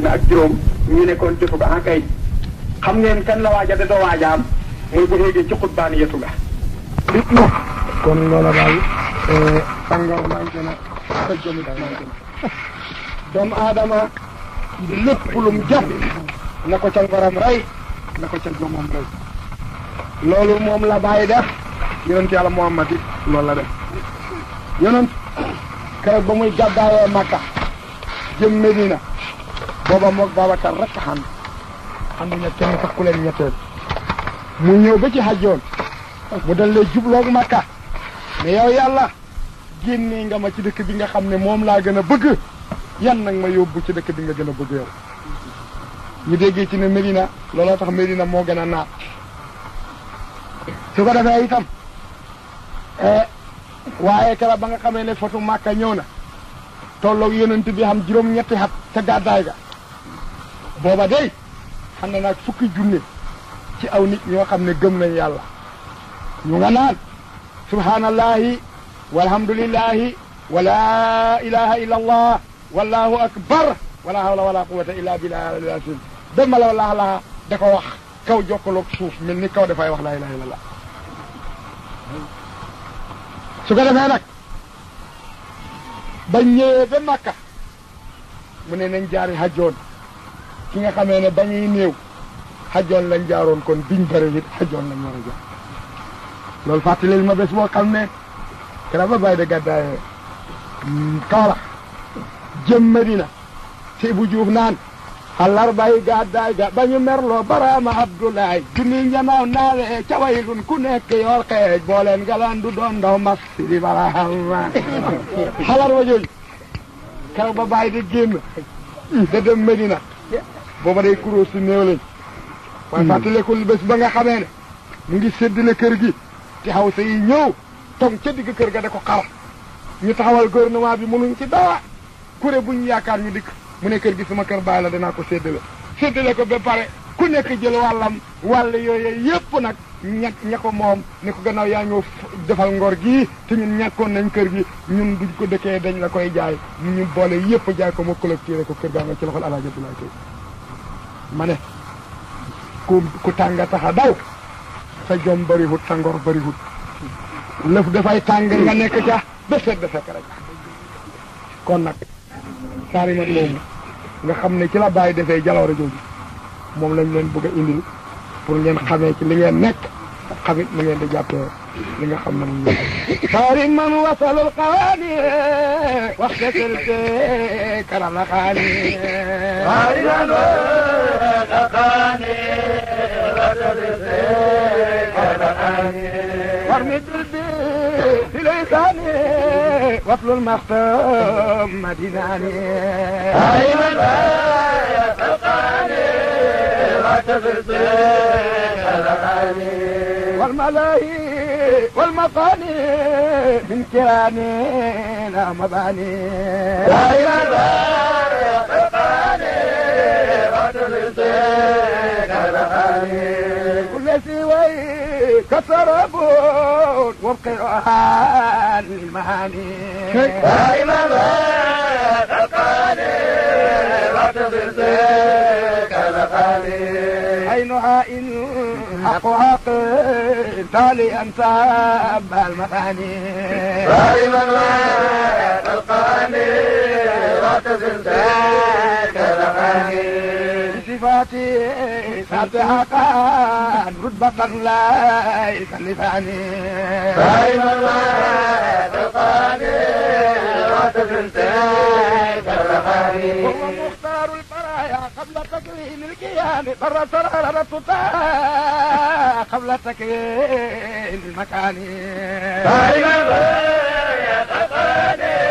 fukki na ak juróom ñu nekkoon defu ko en xam ngeen kan la waaja da doo waajaam mooy bu xëegee ci xutbaan yetu ga kon loola eh, doomu aadama lépp lum jàpp na ko ca ngoram rey na ko ca jomam rey loolu moom la bàyyi def yonent yàlla Muhammad it loolu la def yonent keroog ba muy gàddaayoo Makka jëm Medina booba moog Babacar rek a xam xam ne kenn sax ku leen ñetteel mu ñëw ba ci xajoon mu dal lay jubloog Makka mais yow yàlla génnee nga ma ci dëkk bi nga xam ne moom laa gën a bëgg yan nag ma yóbbu ci dëkk bi nga gën a bëgg yow ñu déggee ci ne Medina looloo tax Medina moo gën a naar su ko defee itam eh, waaye kera ba nga xamee ne fotu Makka ñëw na tolloog yonent bi xam juróom-ñetti xat ca gàddaay ga booba day xam ne naag fukki junne ci aw nit ñoo xam ne gëm nañ yàlla ñu nga naan subhanallahi walhamdulillahi wala ilaha illa allah wallahu akbar wala hawla wala quwwata illa billah al azim dama la la la da ko wax kaw jokkaloog suuf mel ni kaw dafay wax la ilaha illa allah su ko defee nag ba ñëwee ba makka mu ne nañ jaari hajjoon ki nga xamee ne ba ñuy néew xajoon lañ jaaroon kon biñ bëri it xajoon lañ jaar loolu fàttalil ma bés boo xam ne keneen ba bàyyi de gàddaaye mm, Kaolack jëm Medina si bu juuf naan àllarbay gàddaay ga ba ñu merloo baraama Abdoulaye junni ñanaaw naawee cawaylun ku nekk yor xeej galaan du doon ndaw mas di baraama xalar wa jooju keroog ba bàyyi di génn da booba day kuróo su néew lañ waaye hmm. fàttalekul bés ba nga xamee ne mu ngi séddale kër gi te xaw sa yi ñëw tong ca digg kër ga da ko xara ñu taxawal gouvernement bi mënuñ ci dara bu ñu yaakaar ñu dikk mu ne kër gi sama kër baay la danaa ko séddale séddale ko ba pare ku nekk jël wàllam wàll yooyu yépp nag ña ña ko moom ne ko gannaaw yaa ñëw defal ngor gi te ñun ñàkkoon nañ kër gi ñun duñ ko dëkkee dañ la koy jaay ñu boole yépp jaay ko ma collecté ko kër gaa nga ci loxol El Hadj Abdoulaye ma ku ku tanga taxa daw sa jom bëriwut sa ngor leuf da fay tàng nga nek ca ba da fek rek kon sari mo mom nga xam ci la bàyyi defee jaloore mom lañ leen bëgg indi pour ngeen xamé ci li ngeen nek xamit mu ngeen di jappé li nga man wasalul qawani wa karama khali sari man الأغاني رجلتك الأغاني وارمي قلبي ليساني وصل المختوم مديناني أيوة يا فقاني رجلتك الأغاني والملاهي والمقاني من كيراني لا مباني أيوة يا فقاني كل سوي كسر ابوك وبقيعان المهاني دائما تلقاني لا تضل زيك عينها حق حق تالي أنت أبا المثاني دائما ما تلقاني لا تزل ذاك لغاني صفاتي سابها قد رتبة لا يكلفاني دائما ما تلقاني لا تزل ذاك لغاني هو مختار البرايا قبل تكريم الأيام مر سرارة قبل تكين المكاني طايمة يا تطاني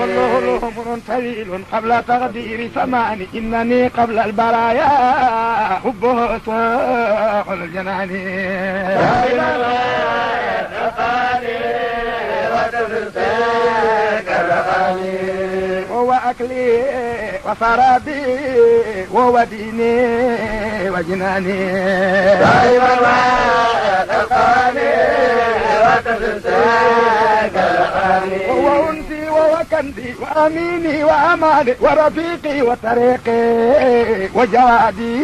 والله له لهمر طويل قبل تغدير ثمان إنني قبل البرايا حبه ساق الجناني دائما يا قطاني وأكلي وشرابي ووديني وجناني وجناني دائما تلقاني وتنساك لقاني وهو ووكندي وأميني وأماني ورفيقي وطريقي وجوادي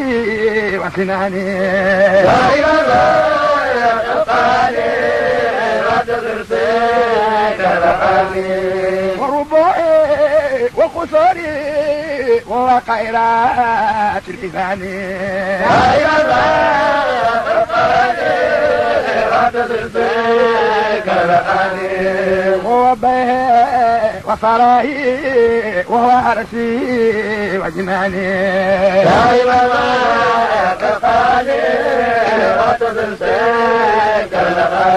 وسناني دائما تلقاني وتنساك What's that? وقيرات الحفان وبه وفراهي وهو عرسي وجناني دائما ما تقالي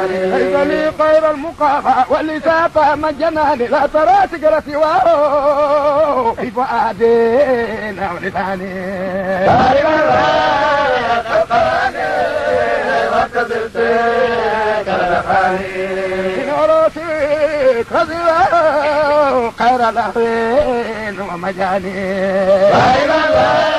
ليس لي غير المقافى واللي سافى مجناني لا ترى سجرتي واو في فؤادي الأولفاني تاري الله تطراني وتزلت كرفاني نورتي كذبا وقرا لهوين ومجاني تاري الله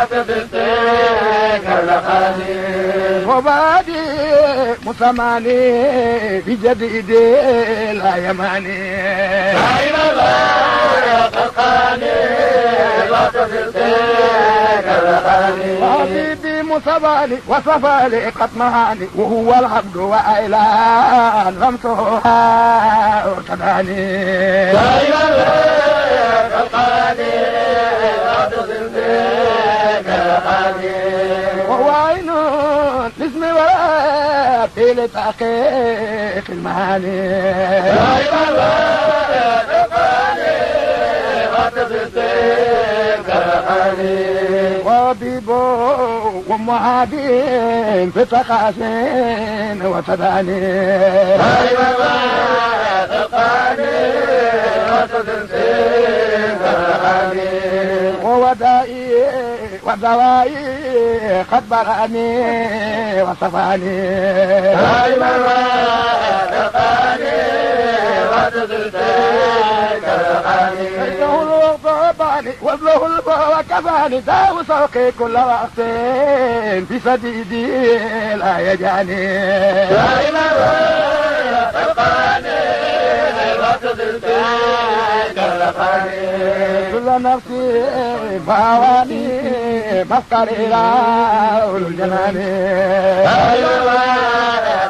وتبتك الخليل وبادي مسماني بجد ايدي لا يماني عين بارك القاني وتبتك الخليل وحبيبي مصبالي وصفالي قطمهاني وهو العبد وأيلان غمسه ارتداني عين يا القاني وهو عين لاسم وراب في لتحقيق المعاني غيب الوارد وبيبو ومعادين في تقاسين وتداني هاي والله تقاني وتدنسين وودائي والدواء قد برأني وصفاني دائما ونفاني وتزلتني كرقاني وابله البر وكفاني داو سوقي كل وقت في سديدي لا يجاني دائما تلقاني كل نفسي فاواني مفكري لا الجنان أيوة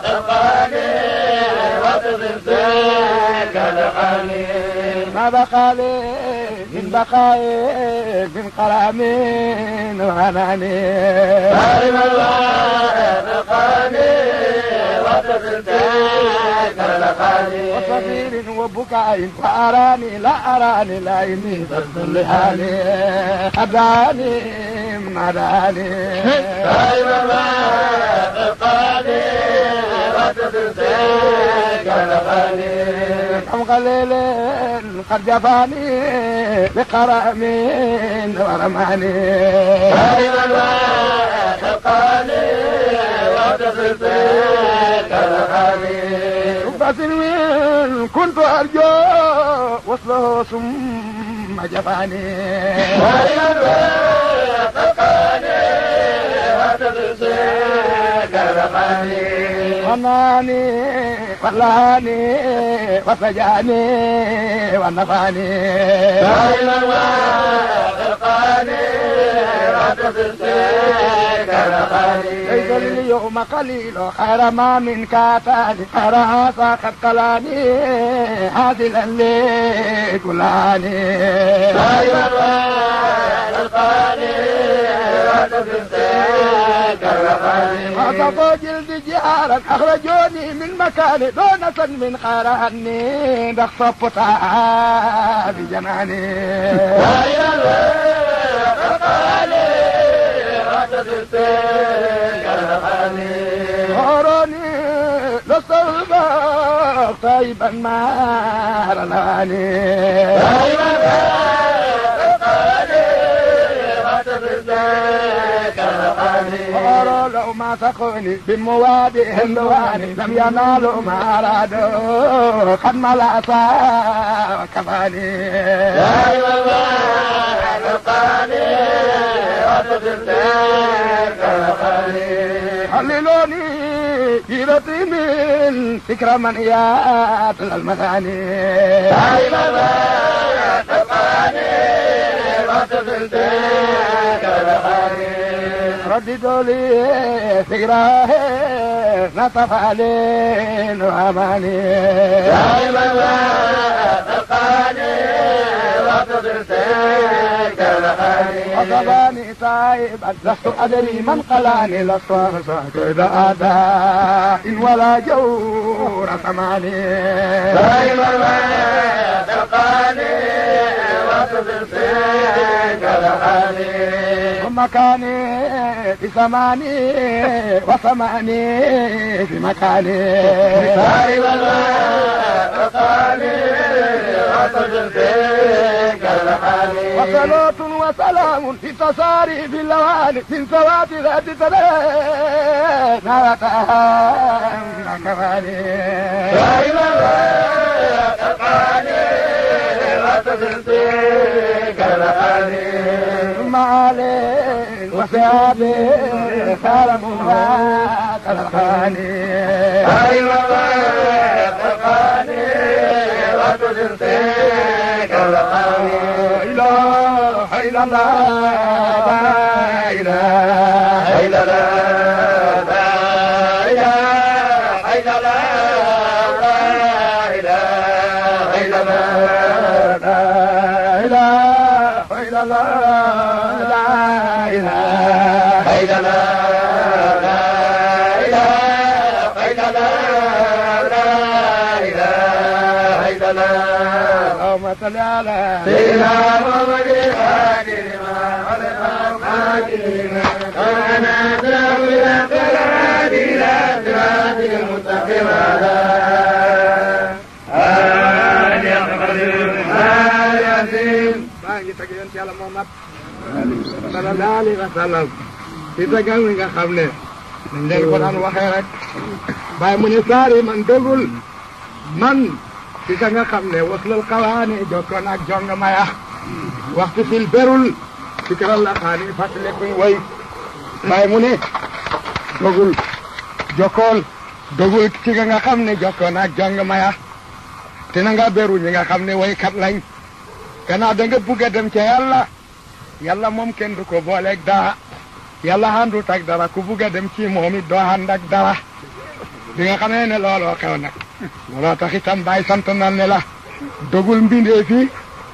تلقاني وتضرتك لقاني ما بقى من بقايا من قرامين وعناني دائما الله تلقاني وصفير وبكاء فأراني لا أراني لا إني ضد حالي أداني من أداني دائما ما تلقاني كم قليل قد جفاني بكرم ورماني دائما ما وقالي وتصدق الغني رب سنين كنت أرجو وصله ثم جفاني وإلى البيت وماني واللهاني وفجاني ونفاني لا إله إلا ليس اليوم قليل خير ما من كافات خير عصا قد قلاني حاذلا لي كلاني خير القاني الزاد في الطيق الرفاني جلد جارك أخرجوني من مكاني دونة من خرهني بخصب قطعها يا ويا طيبا ما رلاني لو ما سقوني بمواد هندواني لم ينالوا ما أرادوا قد ملا وكفاني يا الله لقاني حللوني جيرتي من فكرة من إيات المثاني يا الله رددوا لي فكره نطف علي نعماني دائما تلقاني وتضرتك لحاني غضباني تايبا لست ادري من قلاني لست كيف اداء ولا جور سماني دائما مقالي واصبر صدق الحالي ومكاني في زماني وسماني في مكاني مثالي والله مقالي واصبر صدق الحالي وصلاة وسلام في تصاري في اللوالي من ثوات ذات ثلاث نارتها كفاني دائما تقاني تصديق الأنيم معالي وفي أبي كرم القاني هاي وطاق القاني وتصديق الأنيم لا إله إلا الله لا إله إلا الله تعالى إلى مضجع كلمة والمرقى كلمة وأنا تاويل قرعات إلى صراط المستقيم هذا يقدم هذا يقدم Kita kira tiada mohon Sallallahu alaihi wasallam. Kita kan enggak hamil. Mendengar Quran wahai rak. Baik menyesari mandulul man ci nggak nga xam ne waslal xawaani jokkoon ak jong maya waxtu sil berul ci këral la xaani fàttalekuñ way waaye mu ne dogul jokkool dogul ci ka nga xam ne jokkoon ak jong maya te na nga beru ñi nga xam ne waykat lañ gannaaw da nga bugg a dem ca yàlla yàlla moom kenn du ko booleeg daa yàlla àndut ak dara ku bugg a dem ci moom it doo dara bi nga xamee ne looloo xew nag looloo tax itam bàyyi sant na ne la dogul mbindee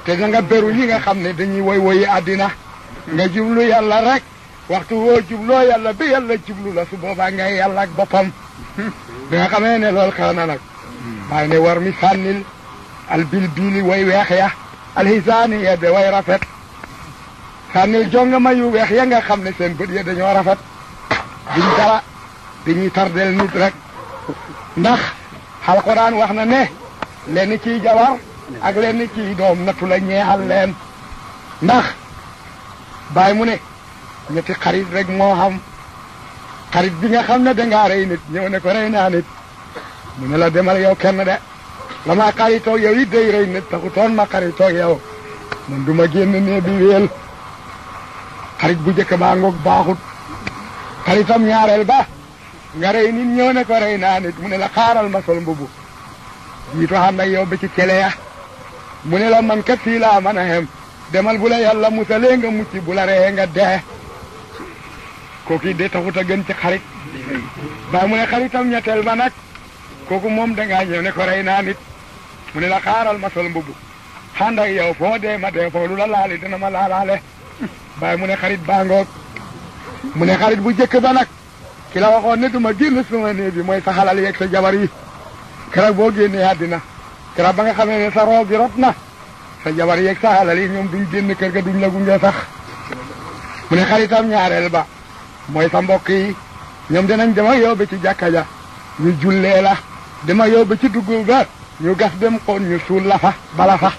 te da nga beru ñi nga xam ne dañuy woy woyi àddina nga jublu yàlla rek waxtu woo jubloo yàlla bi yàlla jublu la su boobaa ngay yàlla ak boppam bi nga xamee ne lool xew na nag bàyyi ne war mi sànnil al bil way weex ya alxisaani ya de way rafet sànnil jonga ma yu weex ya nga xam ne seen bët ya dañoo rafet duñ dara dañuy tardel nit rek ndax alquran wax na ne lenn ciy jabar ak lenn ciy doom natu la ñeexal leen ndax bàyyi mu ne ñetti xarit rek moo xam xarit bi nga xam ne dangaa rey nit ñëw ne ko rey naa nit mu ne la demal yow kenn de la ma xaritoog yow it day rey nit taxutoon ma xaritoog yow man du ma génn ne bi wéel xarit bu njëkk baa ngoog baaxut xaritam ñaareel ba nga rey nit ñëw ne ko rey naa nit mu ne la xaaral ma sol mbubu jiitu xam nag yow ba ci kele mu ne la man kat fii laa mën a xem demal bu la yàlla musalee nga mucc bu la reyee nga dee kooku de taxut a ci xarit ba mu ne xaritam ñetteel ba nag kooku moom dangaa ñëw ne ko rey naa mu ne la xaaral ma sol mbubu xànd ak yow foo dee ma dee foo lu la laali dana ma laalaale bàyyi mu ne xarit baa mu ne xarit bu jëkk ba nag ki la waxoon ne ma génn suma néeg bi mooy sa xalal yeeg sa jabar yi keroog boo génnee àddina keroog ba nga xamee ne sa roo bi rot na sa jabar yeeg sa xalal yi ñoom duñ génn kër ga duñ la gunge sax mu ne xaritam ñaareel ba mooy sa mbokk yi ñoom dinañ dema yow ba ci jàkka ja ñu jullee la dema yow ba ci dugg ba ñu gas dem xoon ñu suul la fa bala fa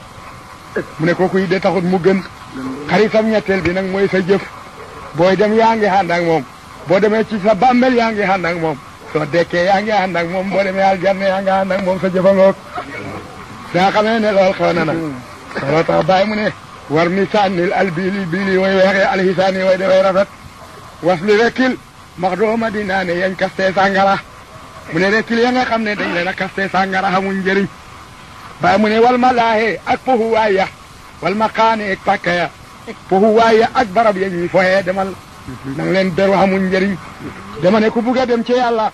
mu ne kooku yi de taxut mu gën xaritam ñetteel bi nag mooy sa jëf booy dem yaa ngi ànd boo demee ci sa bàmmeel yaa ngi ànd ak moom soo dekkee yaa ngi ànd ak moom boo demee aljanna yaa ngi ànd ak moom sa jëfangoog daa xamee ne lool xew na nag looloo tax bàyyi mu ne war mi sànnil al biili biili way weexee alxisaani way dafay rafet was li rekkil max dooma dinaa ne yañ kastee sàngara mu ne rekkil ya nga xam ne dañ leen a kastee sàngara xamuñ njëriñ bàyyi mu ne wal ma laaxee ak poxu waay ya wal ma xaanee ak pàkka ya poxu waay ya ak barab na nga leen beru amul njariñ dama ne ku bugg a dem ci yàlla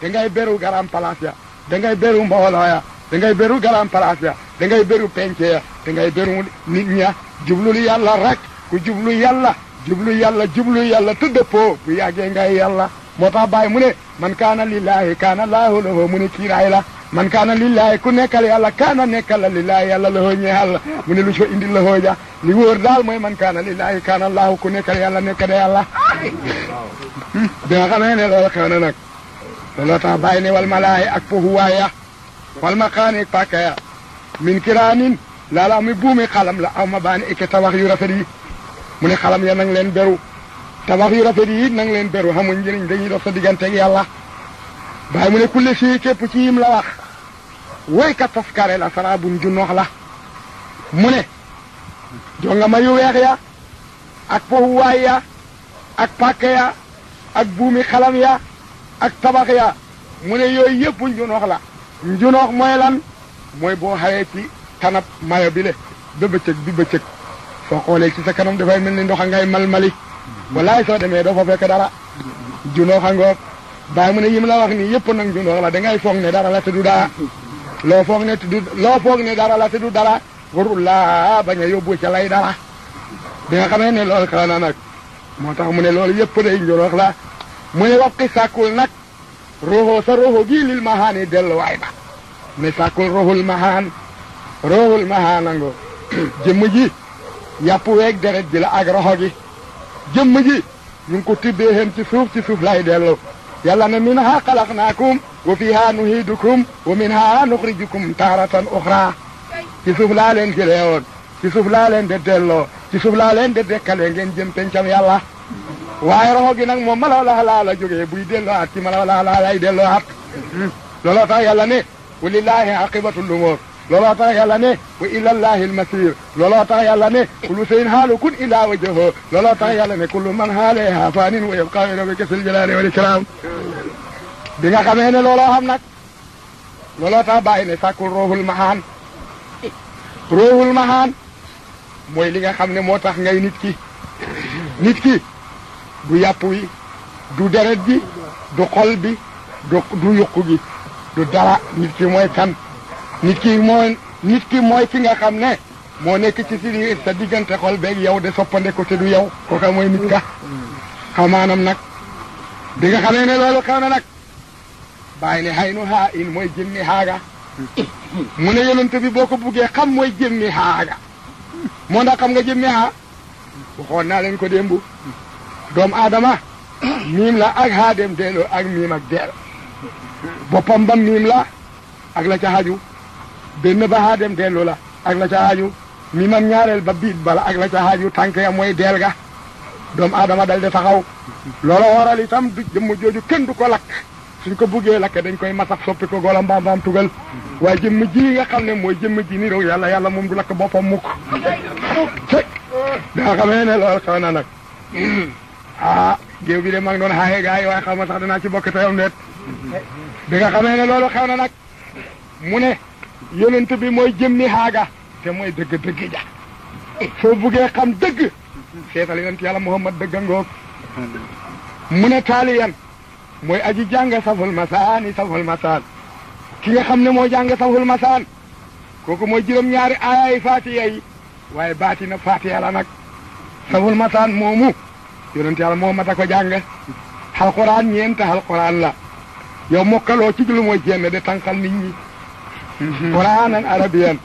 da ngay beru garam palaas ya da ngay beru mbooloo ya da ngay beru garam palaas ya da ngay beru penc ya da beru nit ña jublu yàlla rek ku jublu yàlla jublu yàlla jublu yàlla te dëppoo bu yàggee ngay yàlla moo tax bàyyi mu ne man kaana lillahi kaana laahu lahu mu ne kiiraay la man kana lillahi ku nekkal yalla kana nekkal lillahi yalla la hooñe yalla mu ne lu ci indi la hooja hmm? li wóor daal man kana lillahi kana allah ku nekkal yàlla nekkal yalla bi nga ne loolu xew nak wala ta tax wal malaayi ak pohuwaaya wal maqani ak ya. min kiranin la la mi bumi xalam la aw ma baani ikke tawakh yu rafet yi mu ya nang len beru tawakh yu rafet nang len beru xamuñ njëriñ dañuy dox sa ak yalla bàyyi mu ne kulle si képp ci yim la wax woykat taskare la sara buñ junoox la mu ne jonga yu weex ya ak poxuwaay ya ak pàkk ya ak buumi xalam ya ak tabax ya mu ne yooyu yëpp njunoox la njunoox mooy lan mooy boo xawee ci tanab mayo bi le ba bëccëg bi bëccëg soo xoolee ci sa kanam dafay mel ni ndoxa ngay malmali wallaay soo demee doo fa fekk dara junoox bàyyi mu ne yim la wax nii yëpp nag ñu wax la da ngay foog ne dara la te du daa loo foog ne dara la te du dara warul laa bañ a yóbbu ca lay dara bi xamee ne loolu xala nag moo tax mu ne loolu yëpp day ñu la mu ne wax ki sàkkul nag roxo sa roxo gii lil mahaan delluwaay ba ne sàkkul roxul mahaan roxul mahaan ango jëmm ji yàpp weeg deret bi la ak roxo gi jëmm ji ñu ngi ko tibbee hem ci suuf ci suuf lay delloo yàlla ne minha xalaqnaakum wa fiha nuhiidukum wa minha nuxrijukum taaratan uxra ci suuf laa leen jëlee ci suuf laa ci suuf de dekkale ngeen jëm pencam yàlla waaye roxo gi nag moom malaw laa laa buy delloo at ci malaw laa laa lay delloo at hmm. looloo tax yàlla ne walillahi aqibatul looloo tax yàlla ne wa ilallahi almasir looloo tax yàlla ne kullu shay'in haalikun illaa wajhahu looloo tax yàlla ne kullu man alayhaa faanin wa yabqaa wajhu rabbika zul jalaali wal ikraam bi nga xamee ne looloo xam nag looloo tax bàyyi ne sàkkul roohul mahaan roohul mahaan mooy li nga xam ne moo tax ngay nit ki nit ki du yàpp wi du deret bi du xol bi du du gi du dara nit ki mooy kan nit ki mooy nit ki mooy ki nga xam ne moo nekk ci si sa diggante xol beeg yow de soppande ko te du yow kooka mooy nit ka xamaanam nag bi nga xamee ne loolu xew na nag bàyyi ne xay nu in mooy jëmmi xaaga mu ne yonent boo ko buggee xam mooy jëmmi xaaga moo ndax xam nga jëmmi xaa waxoon naa leen ko démb doomu aadama miim la ak haa dem deeloo ak miim ak deel boppam ba miim la ak la ca xaju benn ba xaa dem dellu la ak la ca aaju mi mam ñaareel ba biit bala ak la ca aaju tànk ya mooy deel ga doomu aadama dal di taxaw loola waral tam du jëmm jooju kenn du ko lakk suñ ko buggee lakk dañ koy masax soppi ko goola mbaam mbaam tugal waaye jëmm ji nga xam ne mooy jëmm ji ni roog yàlla yàlla moom du lakk boppam mukk cëg daa xamee ne lool xew na nag ah géew bi de maa ngi doon xaaxee gars yi waaye xaw ma sax danaa ci bokk te yow ndeet bi nga xamee nag mu ne yonent bi mooy jëmmi xaaga te mooy dëgg-dëgg ja soo buggee xam dëgg seetal yonent yàlla muhammad dëgga ngoog mu ne taaliyan mooy aji jàng saful masaan saful masaan ki nga xam ne moo jàng saful masaan kooku mooy juróom-ñaari aayaay faatiya yi waaye baati na faatiya la nag saful masaan moomu yonent yàlla muhammad a ko jàng alquran ñeent alquran la yow mokkaloo ci lu mooy jénn de tànqal nit ñi قرآنا عربيا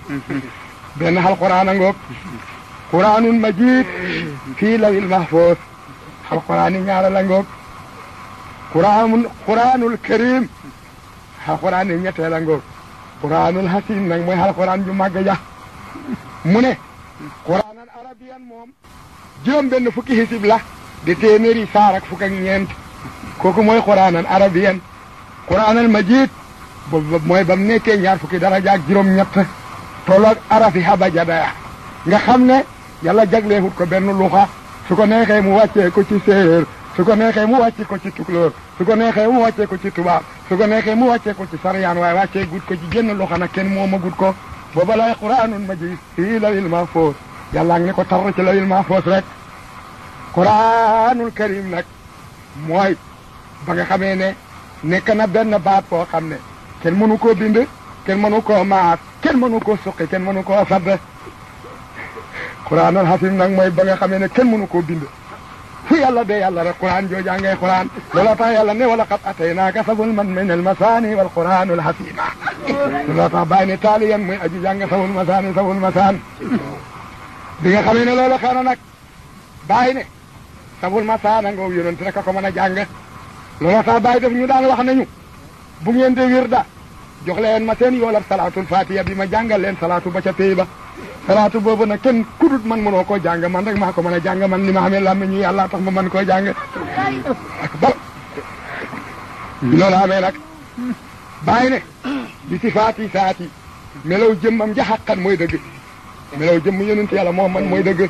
بينها القرآن نقول قرآن مجيد في لوح المحفوظ القرآن نعلى لنقول قرآن قرآن الكريم القرآن نيتي لنقول قرآن الحسين نعم القرآن جمعة mu ne قران arabiyan moom juróom benn fukki xisib la di téeméeri saar ak fukk ak ñeent قران mooy quraanan arabiyan mooy ba mu nekkee ñaar fukki daraja ak juróom-ñett tolloog arafi habajadaya nga xam ne yàlla jagleewut ko benn luxa su ko neexee mu wàccee ko ci séeréer su ko neexee mu wàccee ko ci tukulóor su ko neexee mu wàccee ko ci tubaab su ko neexee mu wàccee ko ci sariyaan waaye wàccee gut ko ci génn luxa na kenn moo ma gut ko booba lay quraanun majid fii lawil mahfuus yàlla ngi ne ko tar ci lawil mahfuus rek quraanul karim nag mooy ba nga xamee ne nekk na benn baat boo xam ne كل منوكو بيمبي كل منوكو نعم ما كل منوكو سوقي كل منوكو أصاب قرآن الحفيم نعم ماي بعيا خمينة كل منوكو بيمبي في الله ده الله القرآن جو جانع القرآن ولا تاي الله نه ولا قط أتينا كسب المن من المساني والقرآن الحفيم ولا تاي نتاليا مي أجي جانع سب المساني سب المسان بعيا خمينة لا لا خارنك باينه سب المسان عنكو يرون تركا كمان جانع لولا تاي باي ده فيني دان الله خنيو بعيا ده ويردا jox leen ma seen yoolab salaatul fatiha bi ma jàngal leen salaatu ba ca pay ba salaatu boobu nag kenn kudut man mënoo koo jàng man rek maa ko mën a jàng man ni ma xamee làmme ñu yàlla tax ma mën koo jàng akbar loolu amee nag bàyyi ne bi si faati saati melaw jëmmam jaxaqan mooy dëgg melaw jëmm yonente yàlla moom man mooy dëgg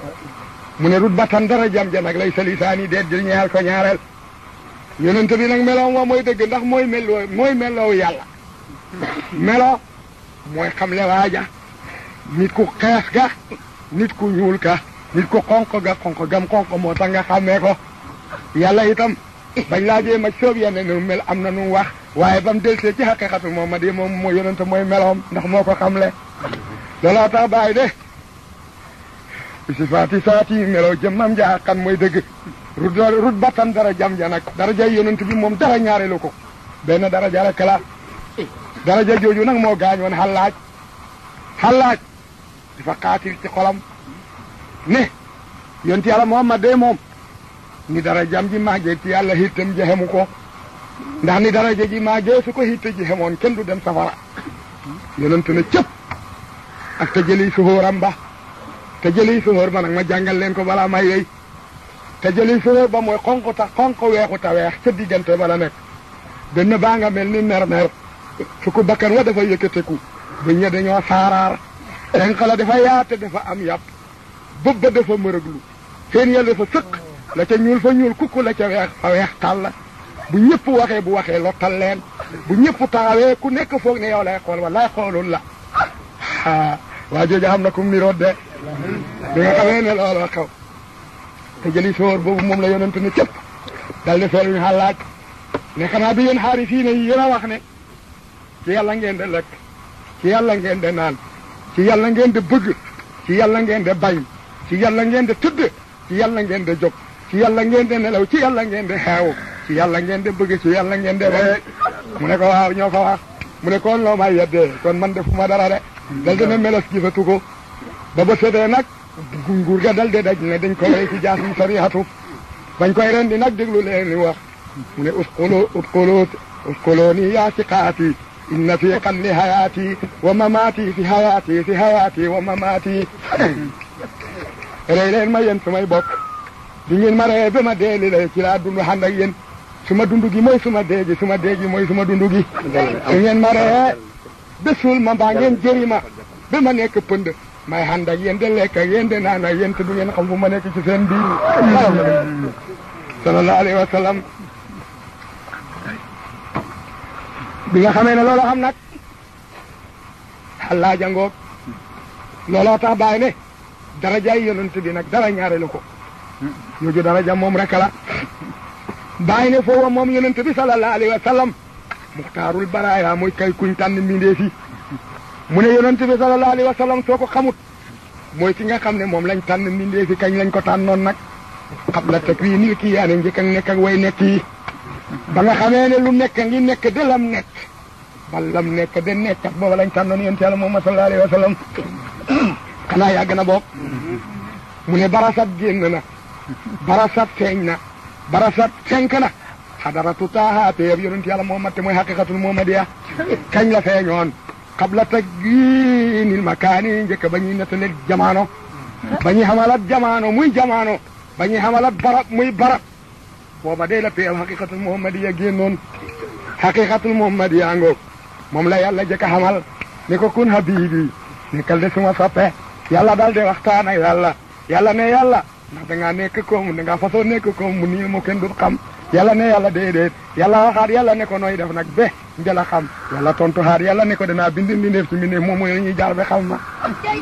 mu ne rut batan dara jam ja nag lay salisaani deet di ñaar ko ñaareel yonente bi nag melawam wa mooy dëgg ndax mooy mel mooy melaw yàlla melo mooy xam le waaja nit ku xees ga nit ku ñuul ka nit ku xonq ga xonq gam xonq moo tax nga ko yàlla itam bañ laajee ma soob yenn nu mel am na nu wax waaye ba mu delsee ci xaqiqatu moom moo di mooy yonent mooy meloom ndax moo ko xamle looloo tax bàyyi de sifaati saati melo jëmmam ja kan mooy dëgg rut rut dara jam ja nag daraja yonent bi moom dara ñaareelu ko benn dara jara kala daraja jooju nag moo gaañoon halaj xallaaj dafa qatil ci xolam ne yonti yalla muhammad de mom ni jam ji màggee ci yalla hitam ji ko ndax ni daraja ji màggee su ko hitte ji hemon ken du dem safara yonent na cëpp ak jeli su horam ba jeli su hor ba nag ma jangal len ko bala may yey ta jeli su ba moy xonko ta xonko wexu ta wex ci digante bala nek nekk dënn nga mel ni mer mer fukk bakkan wa dafa yëkkateku bëñ ya dañoo saaraar tenq la dafa yaate dafa am yàpp bëb dafa mërëglu seen ya dafa sëq la ca ñuul fa ñuul kukk la ca weex fa weex tàll bu ñëpp waxee bu waxee lottal leen bu ñëpp taawee ku nekk foog ne yow lay xool wallaay xoolul la waa jooju xam na kum niroot de bi nga xamee ne looloo xaw te jëli soor boobu moom la yonent ne cëpp dal ne feeluñ xalaaj ne xanaa bi yéen xaari fii ne yéen a wax ne ci yalla ngeen di lekk ci yalla ngeen di naan ci yalla ngeen di bëgg ci yalla ngeen di bañ ci yalla ngeen di tudd ci yalla ngeen di jóg ci yalla ngeen di nelaw ci yalla ngeen di xew ci yàlla ngeen di bëgg ci ngeen di bañ mu ne ko waaw ñoo fa wax mu ne kon loo may yeddee kon man defuma dara de dal dina melas fa tugo ba ba sëdee nag nguur ga dal de daj ne dañ ko rey ci jaasum sarihatu bañ koy rendi nag déglu leen wax mu ne usqulu usqulu yaa siqaati إن في قل حياتي ومماتي في حياتي في حياتي ومماتي rey leen ma yéen sumay bokk di ngeen ma reyee ba ma dee li lay ci laa dund ànd ak yéen suma dund gi mooy suma dee gi suma dee gi mooy suma dund gi su ngeen ma reyee ba suul ma mbaa ngeen jëri ma ba ma nekk pënd may ànd ak yéen de lekk ak yéen de naan ak yéen te du ngeen xam fu ma nekk ci seen biir sallallahu alayhi wa sallam bi nga xamee ne loolu xam nag xallaa jàngoog looloo tax bàyyi ne darajaay yonent bi nag dara la ko yooju daraja moom rek la bàyyi ne foofa moom yonent bi sallallahu alayhi wa sallam muxtaarul baraaya mooy kay kuñ tànn mbindee fi mu ne yonent bi sallallahu alayhi wa soo ko xamut mooy ki nga xam ne moom lañ tànn mbindee fi kañ lañ ko tànnoon nag xabla takwiinil kii yaane njëkk ak nekk ak way nekk ba nga xamee ne lu nekk ngi nekk de lam nekk ballam nekk de nekk ak booba lañ tànnoon yonent yàlla moom sallallahu alayhi wa sallam xanaa yàgg na boog mu ne barasat génn na barasat feeñ na barasat fenk na xadaratu taaha te yonent yàlla Muhammad te mooy xaqiqatul muhammadiya kañ la feeñoon qabla tagyinil makaani njëkk ba ñuy nettalee jamaano ba ñuy xamalat jamaano muy jamaano ba ñuy xamalat barab muy barab booba day la peew xaqiqatul muhammadiya génnoon xaqiqatul muhammadiya ngoog moom la yàlla jëkk a xamal ni ko kun habibi nekkal de suma soppe yàlla daal de waxtaan ak yàlla yàlla ne yàlla ndax da ngaa nekk koom da ngaa nekk koom mu nii mu kenn du xam yàlla ne yàlla déedéet yàlla waxaat yàlla ne ko nooy def nag be nga la xam yàlla tontu xaar yàlla ne ko danaa bind mbindeef ci mbindeef moom mooy ñuy jaar ba xam ma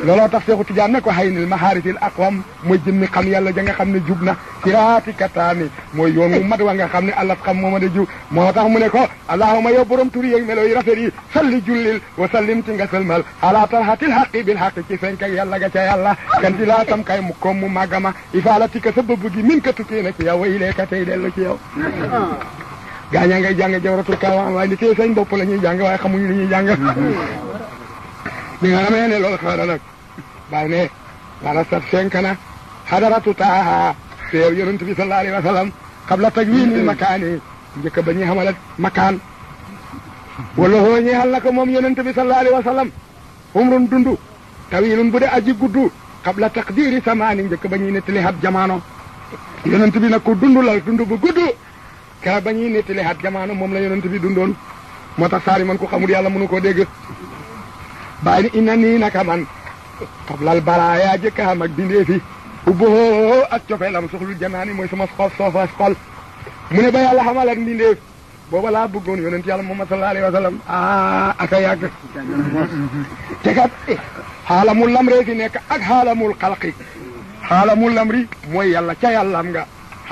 looloo tax seexu tijaan ne ko xay nil maxaaritil aqwam mooy jëmmi xam yàlla ja nga xam ne jub na siraati kataani mooy yoon mu mat wa nga xam ne allah xam mooma de jub moo tax mu ne ko allahuma yow borom tur yeeg melo yi rafet yi salli jullil wa sallim ci nga sëlmal ala talhatil xaqi bil xaqi ci fenk ak yàlla ga ca yàlla kan ci laa tam kay mu koom mu màggama ifaalati ka sa bëbb gi min ka tukkee na ci yow wa ilee ka tey dellu ci yow gaañaa ngay jàng jawratul kaawaan waaye li téye sañ bopp la ñuy jàng waaye xamuñu li ñuy jàng bi nga xamee ne loolu xew na nag bàyyi ne wala saf senk na xadaratu taaha bi sallallahu alayhi wa sallam xabla ba ñuy xamal makaan wala hoo ñeexal moom yonent bi sallallahu alayhi wa sallam umrun dundu tawilun bu dee aji guddu xabla taqdiri samaani njëkk ba ñuy nettali ab jamaano yonent bi nag ku dundulal dundu bu guddu ka ba ñuy nettali at jamaano moom la yonent bi dundoon moo tax saari man ku xamul yàlla mënu koo dégg bàyyi ni inna nii naka man xablal baraaya jëkkaam ak bindee fi ubboo ak cofeelam soxlul janaani mooy sama xol soofa xol mu ne ba yàlla xamal ak mbindeef booba laa bëggoon yonent yàlla Muhammad sallallahu alayhi wa sallam a aka yàgg te kat xaalamul lamree fi nekk ak xaalamul xalqi lamri mooy yàlla ca yàllam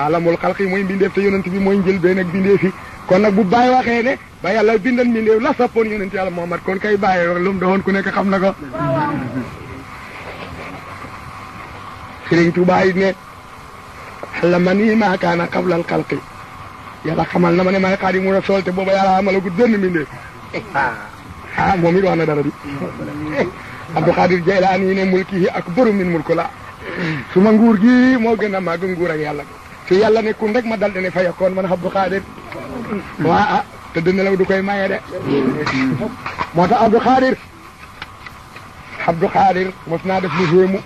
alamul khalqi moy mbindeef te yonent bi mooy ben ak mbindeef fi kon nak bu bàyyi waxee ne ba yalla bindan mbindeef la sapon yonent yalla muhammad kon kay baye wax lum doon ku nek xam na ko sëriñ tuuba it ne lamani ma kana qabla al xalqi yàlla xamal na ma ne maay xaadimu rasool te bobu yalla amal gu den ah ha momi wana dara bi abdou khadir jailani ne mulkihi akbaru min mulkula suma nguur gi mo gëna mag nguur ak yalla su yàlla nekkul rek ma dal di ne fa yokkoon man Abdou Khadir waa ah te dina law du koy maye de moo tax Abdou Khadir Abdou Khadir mos naa def lu jéemu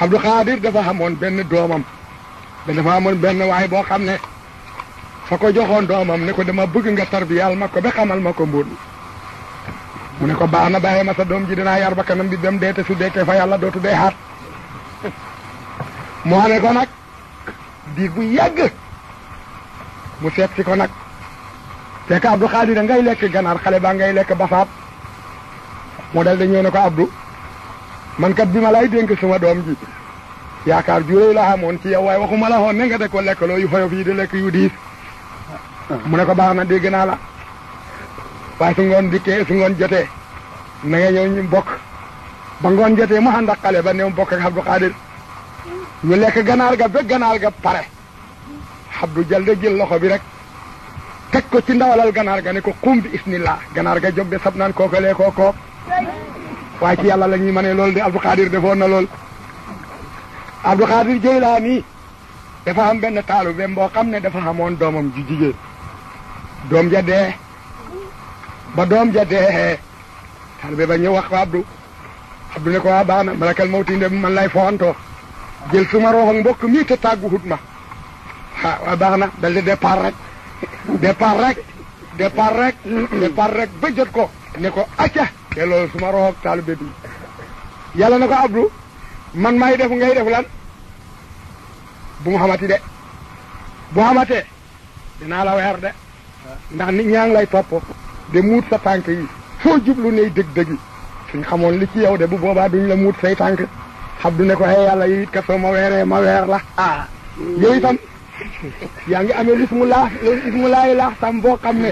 Abdou Khadir dafa amoon benn doomam da dafa amoon benn waay boo xam ne fa ko joxoon doomam ne ko dama bëgg nga tarbiyal ma ko ba xamal ma ko mbóot mu ne ko baax na bàyyi ma sa doom ji dinaa yar ba kanam di dem deete su dekkee fa yàlla dootu dee xaat moo ne ko nag bii bu yàgg mu seet si ko nag fekk Abdou Xaadir ngay lekk ganaar xale baa ngay lekk basaab moo dal da ñëw ne ko abdu man kat bi ma lay dénk suma doom ji yaakaar juróoy la amoon ci yow waaye waxuma la xoon ne nga de ko lekk loo yu fayof yi di lekk yu diis mu ne ko baax na dégg naa la waaye su ngoon dikkee su ngoon jotee na nga ñëw ñu bokk ba ngoon jotee mu ànd ak xale ba new bokk ak Abdou Xaadir ñu lekk ganaar ga ba ganaar ga pare Abdou Jalde jël loxo bi rek teg ko ci ndawalal ganaar ga ne ko xum bi isnillah ganaar ga jóg de sab naan kookalee kookoo waaye ci yàlla la ñuy mënee loolu de Abdou Khadir defoon na lool Abdou Khadir Jeylaani dafa am benn taalu bem boo xam ne dafa amoon doomam ji jigéen doom ja dee ba doom ja dee taalu be ba ñëw wax ko ne ko waa ah, baax na malakal mawti de man lay foantoo jël suma rooxal mbokk mii te tàgguwut ma ah waa baax na dal di départ rek départ rek départ rek départ rek ba jot ko ne ko acca te loolu suma roox ak taalibe bi yàlla na ko Abdou man maay def ngay def lan bu mu xamati de bu xamatee dinaa la weer de ndax nit ñaa ngi lay topp de muut sa tànk yi foo jublu ney dëgg-dëgg suñ xamoon li ci yow de bu boobaa duñ la muut say tànk Abdou ne ko hey yàlla yow it kat soo ma weeree ma weer la ah yow itam yaa ngi amee ismu mu ismu laay laax tam boo xam ne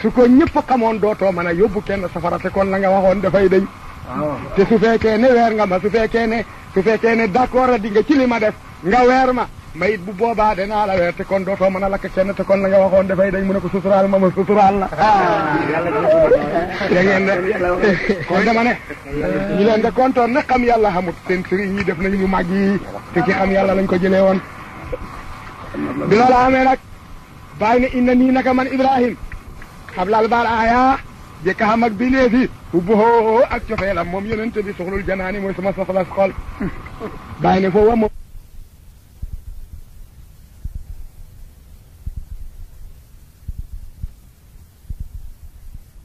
su ko ñëpp xamoon dootoo mën a yóbbu kenn safara te kon la nga waxoon dafay dañ ah. te su fekkee ne weer nga ma su fekkee ne su fekkee ne d'accord di nga ci li def nga weer ma mayit bu boobaa danaa la weer kon dootoo mën a lakk kenn te kon la nga waxoon dafay dañ mën a ko suturaal ma ma suturaal la. da ngeen de kon dama ne. ñu leen xam yàlla xamut seen def nañ ñu màgg yi te ci yàlla lañ ko jëlee woon. bi loola amee nag bàyyi ina inna nii man Ibrahim xablal baal aayaa jëkka xam ak bi léegi bu booboo ak cofeelam moom yonente bi soxlul janaani mooy sama soxla xol bàyyi ne foofu moom.